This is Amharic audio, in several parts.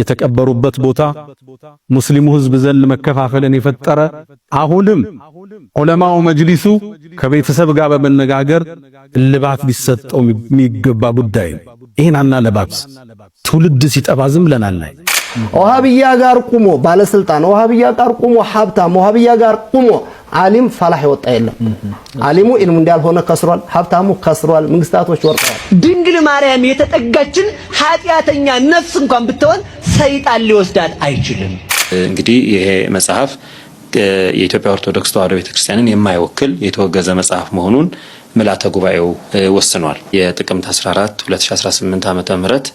የተቀበሩበት ቦታ ሙስሊሙ ህዝብ ዘንድ መከፋፈልን የፈጠረ አሁንም ዑለማው መጅሊሱ ከቤተሰብ ጋር በመነጋገር እልባት ሊሰጠው የሚገባ ጉዳይ ነው። ይህን አናለባብስ። ትውልድ ሲጠፋ ዝም ብለናል። ወሃብያ ጋር ቁሞ ባለስልጣን፣ ወሃብያ ጋር ቁሞ ሀብታም፣ ወሃብያ ጋር ቁሞ አሊም ፈላህ የወጣ የለም። አሊሙ ኢልሙ እንዳልሆነ ከስሯል፣ ሀብታሙ ከስሯል፣ መንግስታቶች ወርጠዋል። ድንግል ማርያም የተጠጋችን ኃጢአተኛ ነፍስ እንኳን ብትሆን ሰይጣን ሊወስዳት አይችልም። እንግዲህ ይሄ መጽሐፍ የኢትዮጵያ ኦርቶዶክስ ተዋሕዶ ቤተክርስቲያንን የማይወክል የተወገዘ መጽሐፍ መሆኑን ምልዓተ ጉባኤው ወስኗል። የጥቅምት 14 2018 ዓመተ ምህረት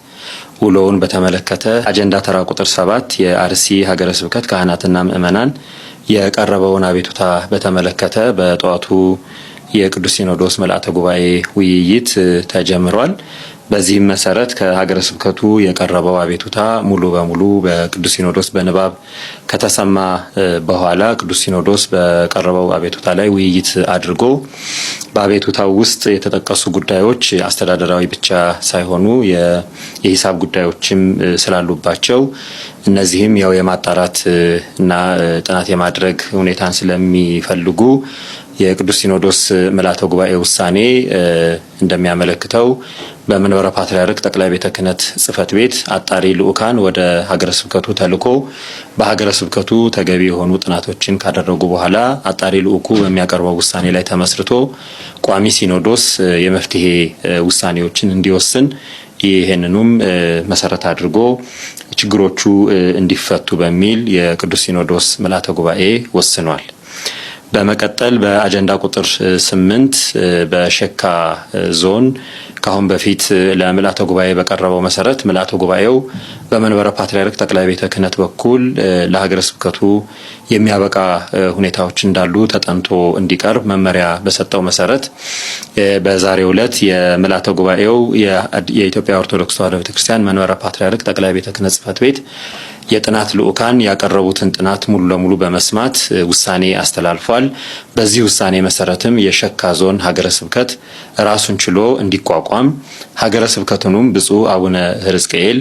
ውሎውን በተመለከተ አጀንዳ ተራ ቁጥር 7 የአርሲ ሀገረ ስብከት ካህናትና ምእመናን የቀረበውን አቤቱታ በተመለከተ በጠዋቱ የቅዱስ ሲኖዶስ መልአተ ጉባኤ ውይይት ተጀምሯል። በዚህም መሰረት ከሀገረ ስብከቱ የቀረበው አቤቱታ ሙሉ በሙሉ በቅዱስ ሲኖዶስ በንባብ ከተሰማ በኋላ ቅዱስ ሲኖዶስ በቀረበው አቤቱታ ላይ ውይይት አድርጎ በአቤቱታው ውስጥ የተጠቀሱ ጉዳዮች አስተዳደራዊ ብቻ ሳይሆኑ የሂሳብ ጉዳዮችም ስላሉባቸው እነዚህም ያው የማጣራት እና ጥናት የማድረግ ሁኔታን ስለሚፈልጉ የቅዱስ ሲኖዶስ ምልዓተ ጉባኤ ውሳኔ እንደሚያመለክተው በመንበረ ፓትርያርክ ጠቅላይ ቤተ ክህነት ጽሕፈት ቤት አጣሪ ልዑካን ወደ ሀገረ ስብከቱ ተልኮ በሀገረ ስብከቱ ተገቢ የሆኑ ጥናቶችን ካደረጉ በኋላ አጣሪ ልኡኩ በሚያቀርበው ውሳኔ ላይ ተመስርቶ ቋሚ ሲኖዶስ የመፍትሄ ውሳኔዎችን እንዲወስን ይህንኑም መሰረት አድርጎ ችግሮቹ እንዲፈቱ በሚል የቅዱስ ሲኖዶስ ምልዓተ ጉባኤ ወስኗል። በመቀጠል በአጀንዳ ቁጥር ስምንት በሸካ ዞን ከአሁን በፊት ለምልአተ ጉባኤ በቀረበው መሰረት ምልአተ ጉባኤው በመንበረ ፓትርያርክ ጠቅላይ ቤተ ክህነት በኩል ለሀገረ ስብከቱ የሚያበቃ ሁኔታዎች እንዳሉ ተጠንቶ እንዲቀርብ መመሪያ በሰጠው መሰረት በዛሬው ዕለት የምልአተ ጉባኤው የኢትዮጵያ ኦርቶዶክስ ተዋሕዶ ቤተክርስቲያን መንበረ ፓትርያርክ ጠቅላይ ቤተ ክህነት ጽሕፈት ቤት የጥናት ልዑካን ያቀረቡትን ጥናት ሙሉ ለሙሉ በመስማት ውሳኔ አስተላልፏል። በዚህ ውሳኔ መሰረትም የሸካ ዞን ሀገረ ስብከት ራሱን ችሎ እንዲቋቋም ሀገረ ስብከቱንም ብፁዕ አቡነ ሕዝቅኤል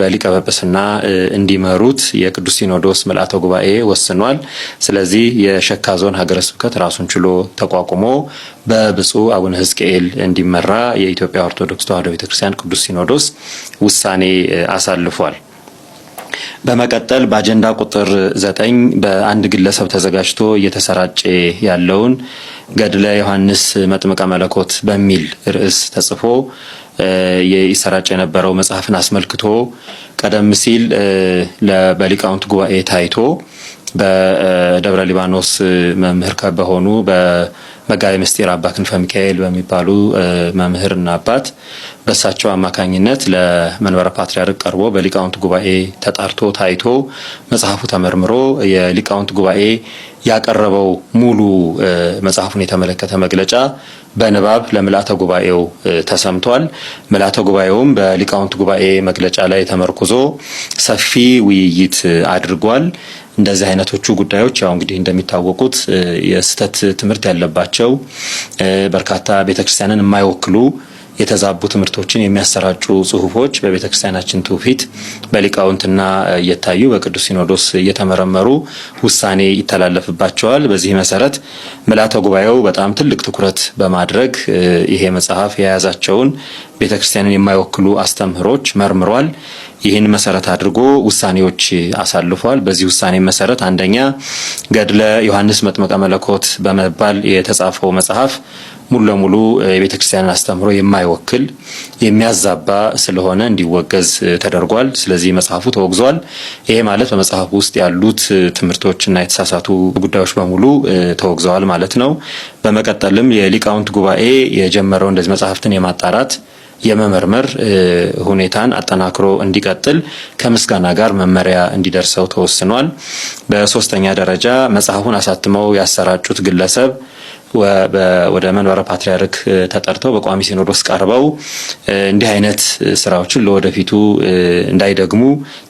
በሊቀ ጵጵስና እንዲመሩት የቅዱስ ሲኖዶስ ምልአተ ጉባኤ ወስኗል። ስለዚህ የሸካ ዞን ሀገረ ስብከት ራሱን ችሎ ተቋቁሞ በብፁዕ አቡነ ሕዝቅኤል እንዲመራ የኢትዮጵያ ኦርቶዶክስ ተዋሕዶ ቤተክርስቲያን ቅዱስ ሲኖዶስ ውሳኔ አሳልፏል። በመቀጠል በአጀንዳ ቁጥር ዘጠኝ በአንድ ግለሰብ ተዘጋጅቶ እየተሰራጨ ያለውን ገድለ ዮሐንስ መጥምቀ መለኮት በሚል ርዕስ ተጽፎ ይሰራጭ የነበረው መጽሐፍን አስመልክቶ ቀደም ሲል በሊቃውንት ጉባኤ ታይቶ በደብረ ሊባኖስ መምህር በሆኑ በመጋቢ ምስጢር አባ ክንፈ ሚካኤል በሚባሉ መምህርና አባት በእሳቸው አማካኝነት ለመንበረ ፓትርያርክ ቀርቦ በሊቃውንት ጉባኤ ተጣርቶ ታይቶ መጽሐፉ ተመርምሮ የሊቃውንት ጉባኤ ያቀረበው ሙሉ መጽሐፉን የተመለከተ መግለጫ በንባብ ለምልአተ ጉባኤው ተሰምቷል። ምልአተ ጉባኤውም በሊቃውንት ጉባኤ መግለጫ ላይ ተመርኩዞ ሰፊ ውይይት አድርጓል። እንደዚህ አይነቶቹ ጉዳዮች ያው እንግዲህ እንደሚታወቁት የስህተት ትምህርት ያለባቸው በርካታ ቤተክርስቲያንን የማይወክሉ የተዛቡ ትምህርቶችን የሚያሰራጩ ጽሁፎች በቤተክርስቲያናችን ትውፊት በሊቃውንትና እየታዩ በቅዱስ ሲኖዶስ እየተመረመሩ ውሳኔ ይተላለፍባቸዋል። በዚህ መሰረት ምልዓተ ጉባኤው በጣም ትልቅ ትኩረት በማድረግ ይሄ መጽሐፍ የያዛቸውን ቤተክርስቲያንን የማይወክሉ አስተምህሮች መርምሯል። ይህን መሰረት አድርጎ ውሳኔዎች አሳልፏል። በዚህ ውሳኔ መሰረት አንደኛ ገድለ ዮሐንስ መጥመቀ መለኮት በመባል የተጻፈው መጽሐፍ ሙሉ ለሙሉ የቤተ ክርስቲያንን አስተምሮ የማይወክል የሚያዛባ ስለሆነ እንዲወገዝ ተደርጓል። ስለዚህ መጽሐፉ ተወግዟል። ይሄ ማለት በመጽሐፉ ውስጥ ያሉት ትምህርቶችና የተሳሳቱ ጉዳዮች በሙሉ ተወግዘዋል ማለት ነው። በመቀጠልም የሊቃውንት ጉባኤ የጀመረው እንደዚህ መጽሐፍትን የማጣራት የመመርመር ሁኔታን አጠናክሮ እንዲቀጥል ከምስጋና ጋር መመሪያ እንዲደርሰው ተወስኗል። በሶስተኛ ደረጃ መጽሐፉን አሳትመው ያሰራጩት ግለሰብ ወደ መንበረ ፓትሪያርክ ተጠርተው በቋሚ ሲኖዶስ ቀርበው እንዲህ አይነት ስራዎችን ለወደፊቱ እንዳይደግሙ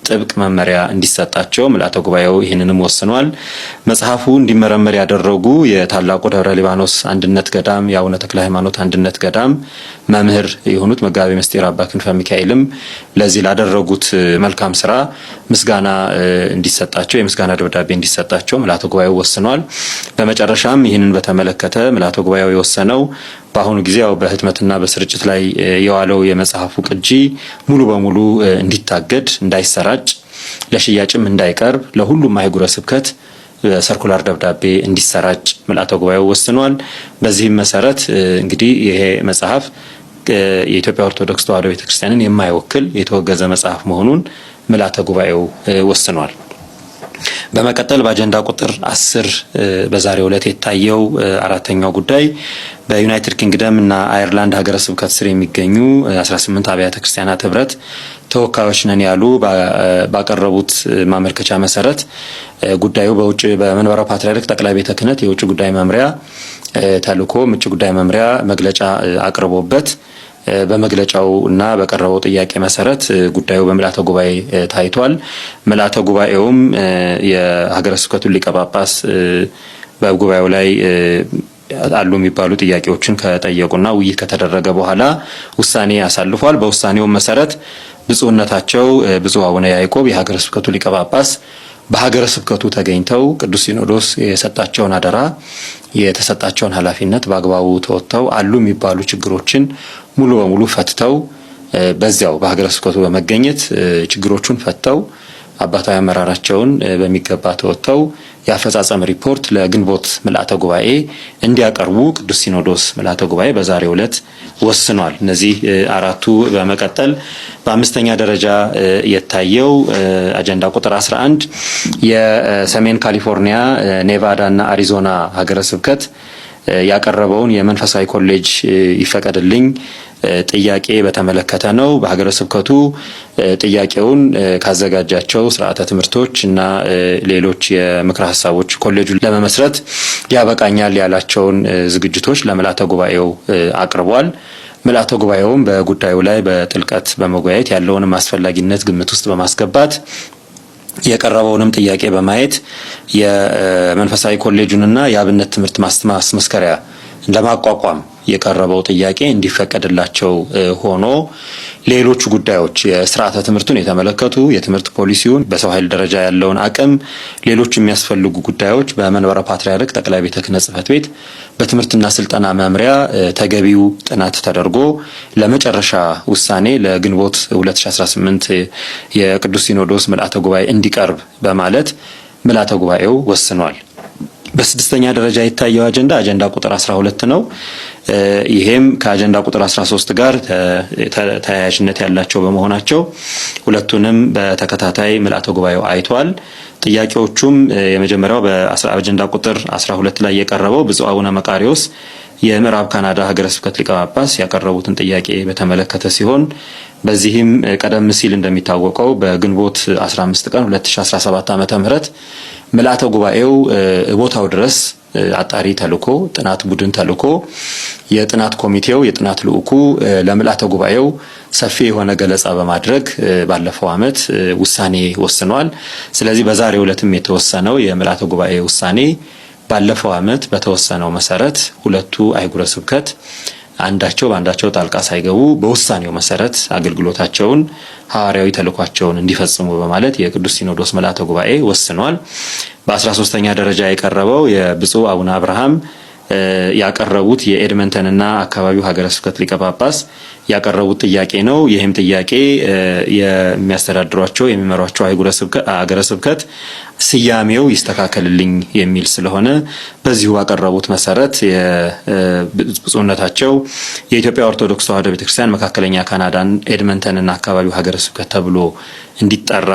ጥብቅ መመሪያ እንዲሰጣቸው ምላተ ጉባኤው ይህንንም ወስኗል። መጽሐፉ እንዲመረመር ያደረጉ የታላቁ ደብረ ሊባኖስ አንድነት ገዳም የአቡነ ተክለ ሃይማኖት አንድነት ገዳም መምህር የሆኑት መጋቤ ምስጢር አባ ክንፈ ሚካኤልም ለዚህ ላደረጉት መልካም ስራ ምስጋና እንዲሰጣቸው የምስጋና ደብዳቤ እንዲሰጣቸው ምልአተ ጉባኤው ወስኗል። በመጨረሻም ይህንን በተመለከተ በተመለከተ ምልዓተ ጉባኤው የወሰነው በአሁኑ ጊዜ ያው በህትመትና በስርጭት ላይ የዋለው የመጽሐፉ ቅጂ ሙሉ በሙሉ እንዲታገድ፣ እንዳይሰራጭ፣ ለሽያጭም እንዳይቀርብ ለሁሉም አህጉረ ስብከት በሰርኩላር ደብዳቤ እንዲሰራጭ ምልዓተ ጉባኤው ወስኗል። በዚህም መሰረት እንግዲህ ይሄ መጽሐፍ የኢትዮጵያ ኦርቶዶክስ ተዋሕዶ ቤተክርስቲያንን የማይወክል የተወገዘ መጽሐፍ መሆኑን ምልዓተ ጉባኤው ወስኗል። በመቀጠል በአጀንዳ ቁጥር አስር በዛሬው ዕለት የታየው አራተኛው ጉዳይ በዩናይትድ ኪንግደም እና አየርላንድ ሀገረ ስብከት ስር የሚገኙ 18 አብያተ ክርስቲያናት ህብረት ተወካዮች ነን ያሉ ባቀረቡት ማመልከቻ መሰረት ጉዳዩ በውጭ በመንበረ ፓትርያርክ ጠቅላይ ቤተ ክህነት የውጭ ጉዳይ መምሪያ ተልኮ ምጭ ጉዳይ መምሪያ መግለጫ አቅርቦበት በመግለጫው እና በቀረበው ጥያቄ መሰረት ጉዳዩ በምልአተ ጉባኤ ታይቷል። ምልአተ ጉባኤውም የሀገረ ስብከቱን ሊቀ ጳጳስ በጉባኤው ላይ አሉ የሚባሉ ጥያቄዎችን ከጠየቁና ውይይት ከተደረገ በኋላ ውሳኔ አሳልፏል። በውሳኔው መሰረት ብፁዕነታቸው ብፁዕ አቡነ ያዕቆብ የሀገረ ስብከቱ ሊቀ ጳጳስ በሀገረ ስብከቱ ተገኝተው ቅዱስ ሲኖዶስ የሰጣቸውን አደራ የተሰጣቸውን ኃላፊነት በአግባቡ ተወጥተው አሉ የሚባሉ ችግሮችን ሙሉ በሙሉ ፈትተው በዚያው በሀገረ ስብከቱ በመገኘት ችግሮቹን ፈትተው አባታዊ አመራራቸውን በሚገባ ተወጥተው የአፈጻጸም ሪፖርት ለግንቦት ምልአተ ጉባኤ እንዲያቀርቡ ቅዱስ ሲኖዶስ ምልአተ ጉባኤ በዛሬው ዕለት ወስኗል። እነዚህ አራቱ በመቀጠል በአምስተኛ ደረጃ የታየው አጀንዳ ቁጥር 11 የሰሜን ካሊፎርኒያ ኔቫዳ እና አሪዞና ሀገረ ስብከት ያቀረበውን የመንፈሳዊ ኮሌጅ ይፈቀድልኝ ጥያቄ በተመለከተ ነው። በሀገረ ስብከቱ ጥያቄውን ካዘጋጃቸው ስርዓተ ትምህርቶች እና ሌሎች የምክረ ሀሳቦች ኮሌጁን ለመመስረት ያበቃኛል ያላቸውን ዝግጅቶች ለምልዓተ ጉባኤው አቅርቧል። ምልዓተ ጉባኤውም በጉዳዩ ላይ በጥልቀት በመወያየት ያለውንም አስፈላጊነት ግምት ውስጥ በማስገባት የቀረበውንም ጥያቄ በማየት የመንፈሳዊ ኮሌጁንና የአብነት ትምህርት ማስመስከሪያ ለማቋቋም የቀረበው ጥያቄ እንዲፈቀድላቸው ሆኖ ሌሎቹ ጉዳዮች የስርዓተ ትምህርቱን የተመለከቱ የትምህርት ፖሊሲውን፣ በሰው ኃይል ደረጃ ያለውን አቅም፣ ሌሎች የሚያስፈልጉ ጉዳዮች በመንበረ ፓትርያርክ ጠቅላይ ቤተ ክህነት ጽሕፈት ቤት በትምህርትና ስልጠና መምሪያ ተገቢው ጥናት ተደርጎ ለመጨረሻ ውሳኔ ለግንቦት 2018 የቅዱስ ሲኖዶስ ምልአተ ጉባኤ እንዲቀርብ በማለት ምልአተ ጉባኤው ወስኗል። በስድስተኛ ደረጃ የታየው አጀንዳ አጀንዳ ቁጥር 12 ነው። ይሄም ከአጀንዳ ቁጥር 13 ጋር ተያያዥነት ያላቸው በመሆናቸው ሁለቱንም በተከታታይ ምልአተ ጉባኤው አይቷል። ጥያቄዎቹም የመጀመሪያው በአጀንዳ ቁጥር 12 ላይ የቀረበው ብፁዕ አቡነ መቃሪዎስ የምዕራብ ካናዳ ሀገረ ስብከት ሊቀ ጳጳስ ያቀረቡትን ጥያቄ በተመለከተ ሲሆን በዚህም ቀደም ሲል እንደሚታወቀው በግንቦት 15 ቀን 2017 ዓ.ም ምልአተ ጉባኤው ቦታው ድረስ አጣሪ ተልኮ ጥናት ቡድን ተልኮ የጥናት ኮሚቴው የጥናት ልዑኩ ለምልአተ ጉባኤው ሰፊ የሆነ ገለጻ በማድረግ ባለፈው ዓመት ውሳኔ ወስኗል። ስለዚህ በዛሬው ዕለትም የተወሰነው የምልአተ ጉባኤ ውሳኔ ባለፈው ዓመት በተወሰነው መሰረት ሁለቱ አህጉረ ስብከት አንዳቸው በአንዳቸው ጣልቃ ሳይገቡ በውሳኔው መሰረት አገልግሎታቸውን ሐዋርያዊ ተልኳቸውን እንዲፈጽሙ በማለት የቅዱስ ሲኖዶስ ምልዓተ ጉባኤ ወስኗል። በ13ኛ ደረጃ የቀረበው የብፁዕ አቡነ አብርሃም ያቀረቡት የኤድመንተንና አካባቢው ሀገረ ስብከት ሊቀ ጳጳስ ያቀረቡት ጥያቄ ነው። ይህም ጥያቄ የሚያስተዳድሯቸው የሚመሯቸው ሀገረ ስብከት ስያሜው ይስተካከልልኝ የሚል ስለሆነ በዚሁ ባቀረቡት መሰረት ብፁዕነታቸው የኢትዮጵያ ኦርቶዶክስ ተዋሕዶ ቤተክርስቲያን መካከለኛ ካናዳን ኤድመንተንና አካባቢው ሀገረ ስብከት ተብሎ እንዲጠራ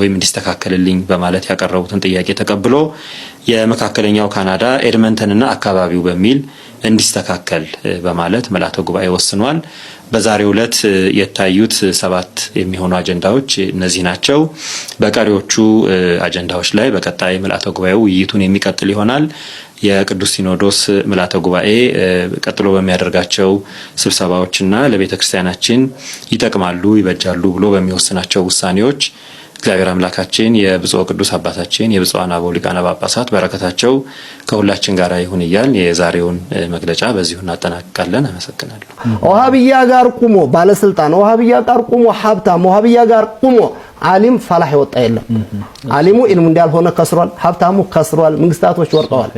ወይም እንዲስተካከልልኝ በማለት ያቀረቡትን ጥያቄ ተቀብሎ የመካከለኛው ካናዳ ኤድመንተንና አካባቢው በሚል እንዲስተካከል በማለት መላተ ጉባኤ ወስኗል። በዛሬው ዕለት የታዩት ሰባት የሚሆኑ አጀንዳዎች እነዚህ ናቸው። በቀሪዎቹ አጀንዳዎች ላይ በቀጣይ ምልአተ ጉባኤው ውይይቱን የሚቀጥል ይሆናል። የቅዱስ ሲኖዶስ ምልአተ ጉባኤ ቀጥሎ በሚያደርጋቸው ስብሰባዎችና ለቤተ ክርስቲያናችን ይጠቅማሉ፣ ይበጃሉ ብሎ በሚወስናቸው ውሳኔዎች እግዚአብሔር አምላካችን የብፁዕ ቅዱስ አባታችን የብፁዓን አበው ሊቃነ ጳጳሳት በረከታቸው ከሁላችን ጋር ይሁን እያል የዛሬውን መግለጫ በዚሁ እናጠናቅቃለን። አመሰግናለሁ። ውሃብያ ጋር ቁሞ ባለስልጣን፣ ውሃብያ ጋር ቁሞ ሀብታም፣ ውሃብያ ጋር ቁሞ አሊም ፈላህ የወጣ የለም። አሊሙ ኢልሙ እንዳልሆነ ከስሯል፣ ሀብታሙ ከስሯል፣ መንግስታቶች ወርጠዋል።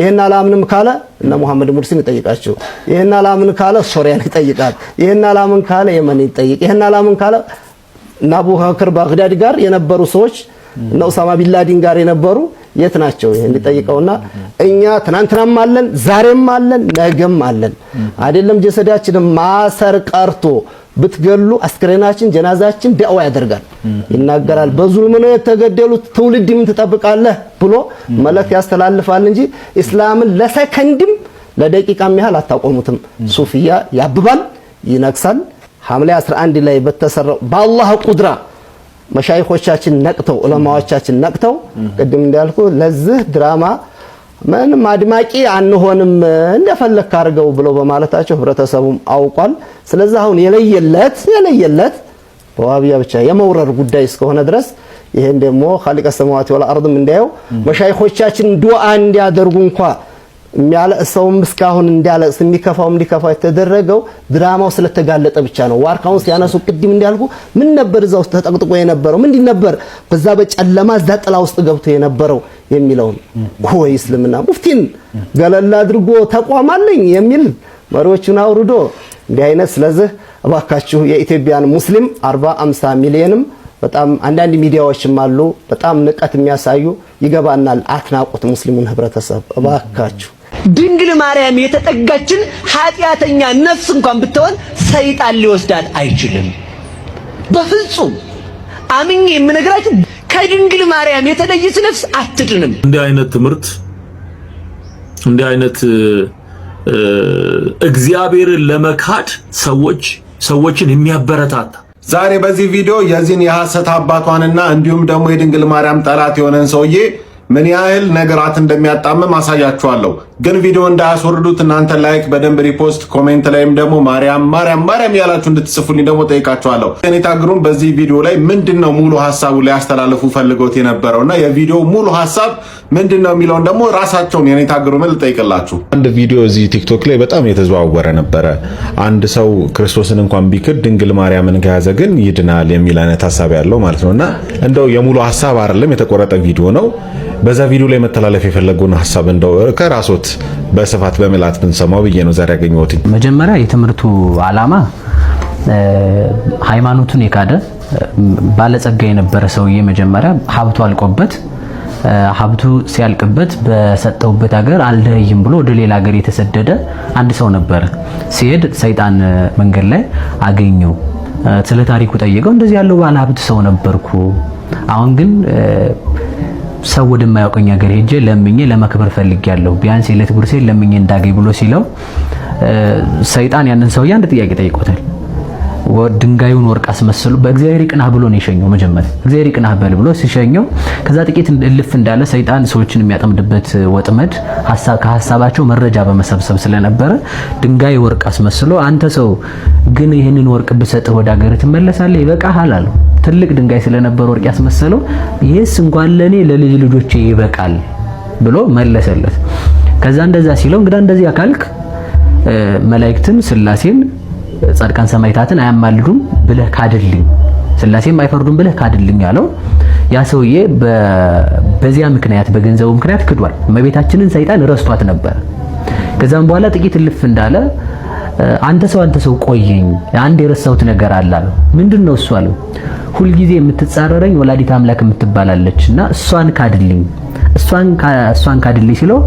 ይህና አላምንም ካለ እነ ሙሐመድ ሙርሲን ይጠይቃቸው። ይህን አላምን ካለ ሶሪያን ይጠይቃል። ይህን አላምን ካለ የመን ይጠይቅ። ይህን አላምን ካለ እና አቡበከር ባግዳድ ጋር የነበሩ ሰዎች እነ ኡሳማ ቢላዲን ጋር የነበሩ የት ናቸው? ይሄን እንጠይቀውና እኛ ትናንትናም አለን፣ ዛሬም አለን፣ ነገም አለን። አይደለም ጀሰዳችንም ማሰር ቀርቶ ብትገሉ አስክሬናችን ጀናዛችን ዳዋ ያደርጋል፣ ይናገራል። በዙልም ነው የተገደሉት ትውልድ ምን ትጠብቃለህ ብሎ መልእክት ያስተላልፋል እንጂ ኢስላምን ለሰከንድም ለደቂቃም ያህል አታቆሙትም። ሱፊያ ያብባል፣ ይነክሳል። ሐምሌ 11 ላይ በተሰራው በአላህ ቁድራ መሻይኾቻችን ነቅተው ዑለማዎቻችን ነቅተው ቅድም እንዳልኩ ለዚህ ድራማ ምንም አድማቂ አንሆንም እንደፈለክ አድርገው ብሎ በማለታቸው ህብረተሰቡም አውቋል። ስለዚህ አሁን የለየለት የለየለት በዋህብያ ብቻ የመውረር ጉዳይ እስከሆነ ድረስ ይሄን ደግሞ ኻሊቀ ሰማዋት ወል አርድም እንዳየው መሻይኾቻችን ዱዓ እንዲያደርጉ እንኳ ሰውም እስካሁን እንዲያለቅስ የሚከፋውም እንዲከፋው የተደረገው ድራማው ስለተጋለጠ ብቻ ነው። ዋርካውን ሲያነሱ ቅድም እንዲያልኩ ምን ነበር እዛ ውስጥ ተጠቅጥቆ የነበረው ምንድን ነበር? በዛ በጨለማ እዛ ጥላ ውስጥ ገብቶ የነበረው የሚለውን ወይ እስልምና ሙፍቲን ገለል አድርጎ ተቋማለኝ የሚል መሪዎቹን አውርዶ እንዲህ አይነት ስለዚህ እባካችሁ የኢትዮጵያን ሙስሊም 40 50 ሚሊዮንም በጣም አንዳንድ ሚዲያዎችም አሉ በጣም ንቀት የሚያሳዩ ይገባናል። አትናቁት ሙስሊሙን ህብረተሰብ እባካችሁ። ድንግል ማርያም የተጠጋችን ኃጢአተኛ ነፍስ እንኳን ብትሆን ሰይጣን ሊወስዳት አይችልም። በፍጹም አምኜ የምነግራችሁ ከድንግል ማርያም የተለየች ነፍስ አትድንም። እንዲህ አይነት ትምህርት እንዲህ አይነት እግዚአብሔርን ለመካድ ሰዎች ሰዎችን የሚያበረታታ ዛሬ በዚህ ቪዲዮ የዚህን የሐሰት አባቷንና እንዲሁም ደግሞ የድንግል ማርያም ጠላት የሆነን ሰውዬ ምን ያህል ነገራት እንደሚያጣምም አሳያችኋለሁ። ግን ቪዲዮ እንዳያስወርዱት እናንተ ላይክ በደንብ ሪፖስት፣ ኮሜንት ላይም ደግሞ ማርያም ማርያም ማርያም ያላችሁ እንድትጽፉልኝ ደግሞ ጠይቃችኋለሁ። ኔታ ግሩም በዚህ ቪዲዮ ላይ ምንድን ነው ሙሉ ሀሳቡ ሊያስተላልፉ ፈልገውት የነበረው እና የቪዲዮ ሙሉ ሀሳብ ምንድን ነው የሚለውን ደግሞ ራሳቸውን የኔታ ግሩምን ልጠይቅላችሁ። አንድ ቪዲዮ እዚህ ቲክቶክ ላይ በጣም የተዘዋወረ ነበረ። አንድ ሰው ክርስቶስን እንኳን ቢክድ ድንግል ማርያምን ከያዘ ግን ይድናል የሚል አይነት ሀሳብ ያለው ማለት ነው እና እንደው የሙሉ ሀሳብ አይደለም የተቆረጠ ቪዲዮ ነው። በዛ ቪዲዮ ላይ መተላለፍ የፈለጉን ሀሳብ እንደው ከራሶት በስፋት በምላት ብንሰማው ብዬ ነው ዛሬ ያገኘሁት። መጀመሪያ የትምህርቱ ዓላማ ሃይማኖቱን የካደ ባለጸጋ የነበረ ሰውዬ መጀመሪያ ሀብቱ አልቆበት ሀብቱ ሲያልቅበት በሰጠውበት ሀገር አልደህይም ብሎ ወደ ሌላ ሀገር የተሰደደ አንድ ሰው ነበር ሲሄድ ሰይጣን መንገድ ላይ አገኘው። ስለ ታሪኩ ጠየቀው። እንደዚህ ያለው ባለ ሀብት ሰው ነበርኩ፣ አሁን ግን ሰው ወደማያውቀኝ ሀገር ሄጄ ለምኜ ለመክበር ፈልጊያለሁ ቢያንስ የዕለት ጉርሴን ለምኜ እንዳገኝ ብሎ ሲለው ሰይጣን ያንን ሰውዬ አንድ ጥያቄ ጠይቆታል። ድንጋዩን ወርቅ አስመስሎ በእግዚአብሔር ይቅናህ ብሎ ነው የሸኘው። መጀመሪያ እግዚአብሔር ይቅናህ በል ብሎ ሲሸኘው ከዛ ጥቂት እልፍ እንዳለ ሰይጣን ሰዎችን የሚያጠምድበት ወጥመድ ከሀሳባቸው መረጃ በመሰብሰብ ስለነበረ ድንጋይ ወርቅ አስመስሎ አንተ ሰው ግን ይህንን ወርቅ ብሰጥህ ወደ ሀገር ትመለሳለህ፣ ይበቃሃል አለው። ትልቅ ድንጋይ ስለነበረ ወርቅ ያስመሰለው ይህስ እንኳን ለእኔ ለልጅ ልጆቼ ይበቃል ብሎ መለሰለት። ከዛ እንደዛ ሲለው እንግዳ እንደዚህ ካልክ መላእክትን፣ ስላሴን፣ ጻድቃን ሰማይታትን አያማልዱም ብለህ ካድልኝ፣ ስላሴም አይፈርዱም ብለህ ካድልኝ አለው። ያ ሰውዬ በዚያ ምክንያት በገንዘቡ ምክንያት ክዷል። እመቤታችንን ሰይጣን ረስቷት ነበር። ከዛም በኋላ ጥቂት እልፍ እንዳለ አንተ ሰው አንተ ሰው ቆየኝ፣ አንድ የረሳሁት ነገር አለ አለው። ምንድን ነው እሱ አለው። ሁልጊዜ የምትጻረረኝ ወላዲት አምላክ የምትባላለች እና እሷን ካድልኝ፣ እሷን ካድልኝ ሲለው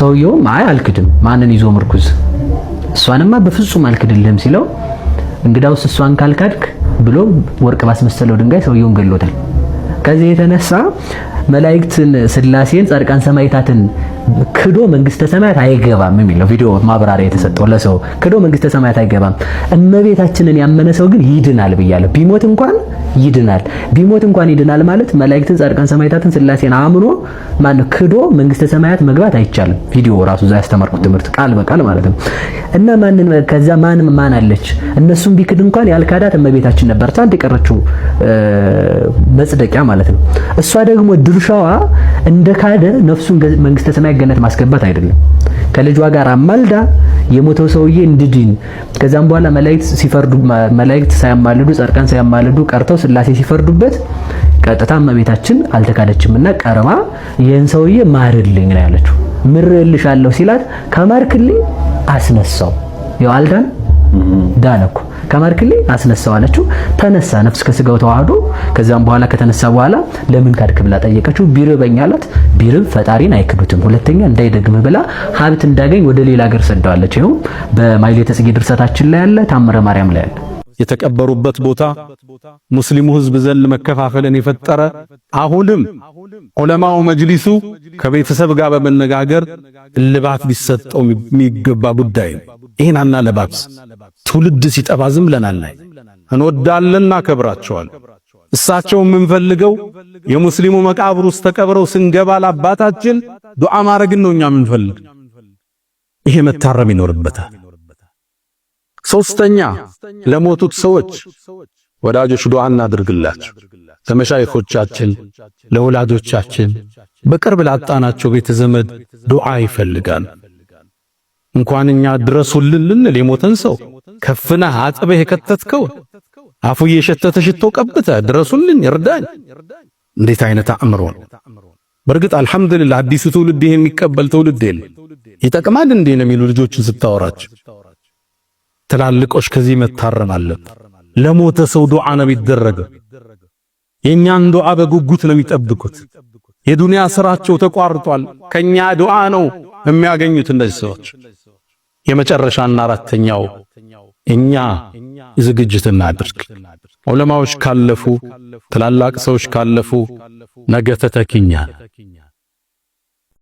ሰውየውም አይ አልክድም፣ ማንን ይዞ ምርኩዝ፣ እሷንማ በፍጹም አልክድልህም ሲለው እንግዳውስ እሷን ካልካድክ ብሎ ወርቅ ባስመሰለው ድንጋይ ሰውየውን ገሎታል። ከዚህ የተነሳ መላእክትን፣ ስላሴን፣ ጻድቃን ሰማይታትን ክዶ መንግስተ ሰማያት አይገባም የሚለው ቪዲዮ ማብራሪያ የተሰጠው ለሰው ክዶ መንግስተ ሰማያት አይገባም። እመቤታችንን ያመነ ሰው ግን ይድናል ብያለሁ። ቢሞት እንኳን ይድናል። ቢሞት እንኳን ይድናል ማለት መላእክትን፣ ጻድቃን፣ ሰማዕታትን፣ ስላሴን አምኖ ማነው ክዶ መንግስተ ሰማያት መግባት አይቻልም። ቪዲዮ ራሱ እዛ ያስተማርኩት ትምህርት ቃል በቃል ማለት ነው። እና ማንን ከዛ ማንም ማን አለች? እነሱም ቢክድ እንኳን ያልካዳት እመቤታችን ነበረች፣ አንድ የቀረችው መጽደቂያ ማለት ነው። እሷ ደግሞ ድርሻዋ እንደካደ ነፍሱን መንግስተ ሰማያት ሰማይ ገነት ማስገባት አይደለም። ከልጇ ጋር አማልዳ የሞተው ሰውዬ እንድድን ከዛም በኋላ መላእክት ሲፈርዱ መላእክት ሳያማልዱ ጻድቃን ሳያማልዱ ቀርተው ስላሴ ሲፈርዱበት ቀጥታ እመቤታችን አልተካደችምና ቀርባ ይህን ሰውዬ ማርልኝ ነው ያለችው። ምርልሻለሁ ሲላት ከማርክልኝ አስነሳው። ያው አልዳን ዳነኩ ከማርክሌ አስነሳው አለችው። ተነሳ ነፍስ ከስጋው ተዋህዶ። ከዛም በኋላ ከተነሳ በኋላ ለምን ካድክ ብላ ጠየቀችው። ቢርበኝ አላት። ቢርብ ፈጣሪን አይክዱትም፣ ሁለተኛ እንዳይደግም ብላ ሀብት እንዳገኝ ወደ ሌላ ሀገር ሰደዋለች። ይኸውም በማኅሌተ ጽጌ ድርሰታችን ላይ ያለ ታምረ ማርያም ላይ ያለ የተቀበሩበት ቦታ ሙስሊሙ ህዝብ ዘንድ መከፋፈልን የፈጠረ አሁንም ዑለማው መጅሊሱ ከቤተሰብ ጋር በመነጋገር እልባት ሊሰጠው የሚገባ ጉዳይ ነው። ይህን አናለባብስ። ትውልድ ሲጠፋ ዝም ብለን እንወዳለን፣ እናከብራቸዋል። እሳቸው የምንፈልገው የሙስሊሙ መቃብር ውስጥ ተቀብረው ስንገባ ለአባታችን ዱዓ ማድረግን ነው እኛ የምንፈልግ። ይሄ መታረም ይኖርበታል። ሶስተኛ ለሞቱት ሰዎች ወዳጆች ዱዓ እናድርግላችሁ። ለመሻይኾቻችን፣ ለወላጆቻችን፣ በቅርብ ላጣናቸው ቤተ ዘመድ ዱዓ ይፈልጋል። እንኳን እኛ ድረሱልን ልንል የሞተን ሰው ከፍና አጥበህ የከተትከው አፉ እየሸተተ ሽቶ ቀብተ ድረሱልን ይርዳኝ፣ እንዴት አይነት አእምሮ! በእርግጥ አልሐምዱሊላህ አዲሱ ትውልድ ይሄን የሚቀበል ትውልድ የለም። ይጠቅማል እንዴ ነው የሚሉ ልጆችን ስታወራቸው ትላልቆች ከዚህ መታረም አለብን። ለሞተ ሰው ዱዓ ነው የሚደረገው። የእኛን ዱዓ በጉጉት ነው የሚጠብቁት። የዱንያ ስራቸው ተቋርጧል። ከኛ ዱዓ ነው የሚያገኙት እነዚህ ሰዎች። የመጨረሻና አራተኛው እኛ ዝግጅት እናድርግ። ዑለማዎች ካለፉ፣ ትላላቅ ሰዎች ካለፉ ነገ ተተኪኛል።